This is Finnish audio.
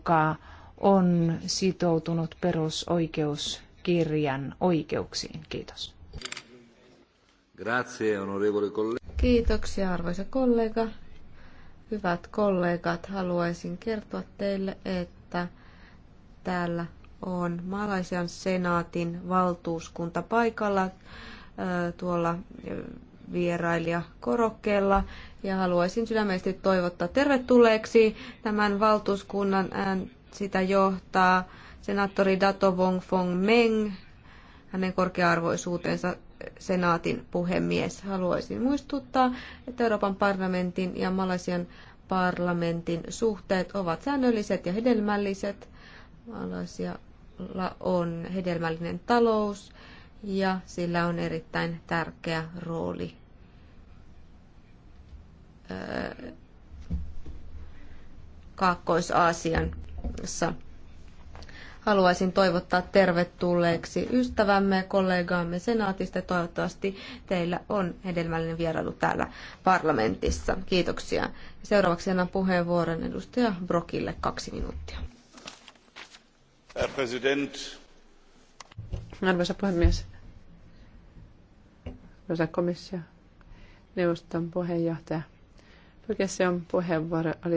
joka on sitoutunut perusoikeuskirjan oikeuksiin. Kiitos. Kiitoksia arvoisa kollega. Hyvät kollegat, haluaisin kertoa teille, että täällä on Malasian senaatin valtuuskunta paikalla tuolla vierailija korokkeella ja haluaisin sydämellisesti toivottaa tervetulleeksi tämän valtuuskunnan ään sitä johtaa senaattori Dato Wong Fong Meng, hänen korkearvoisuutensa senaatin puhemies. Haluaisin muistuttaa, että Euroopan parlamentin ja Malasian parlamentin suhteet ovat säännölliset ja hedelmälliset. Malasialla on hedelmällinen talous ja sillä on erittäin tärkeä rooli kaakkois aasiassa Haluaisin toivottaa tervetulleeksi ystävämme, kollegaamme senaatista. Toivottavasti teillä on hedelmällinen vierailu täällä parlamentissa. Kiitoksia. Seuraavaksi annan puheenvuoron edustaja Brokille kaksi minuuttia. Herr Präsident, Arvoisa puhemies, arvoisa komissio, neuvoston puheenjohtaja. Oikein se on puheenvuoro oli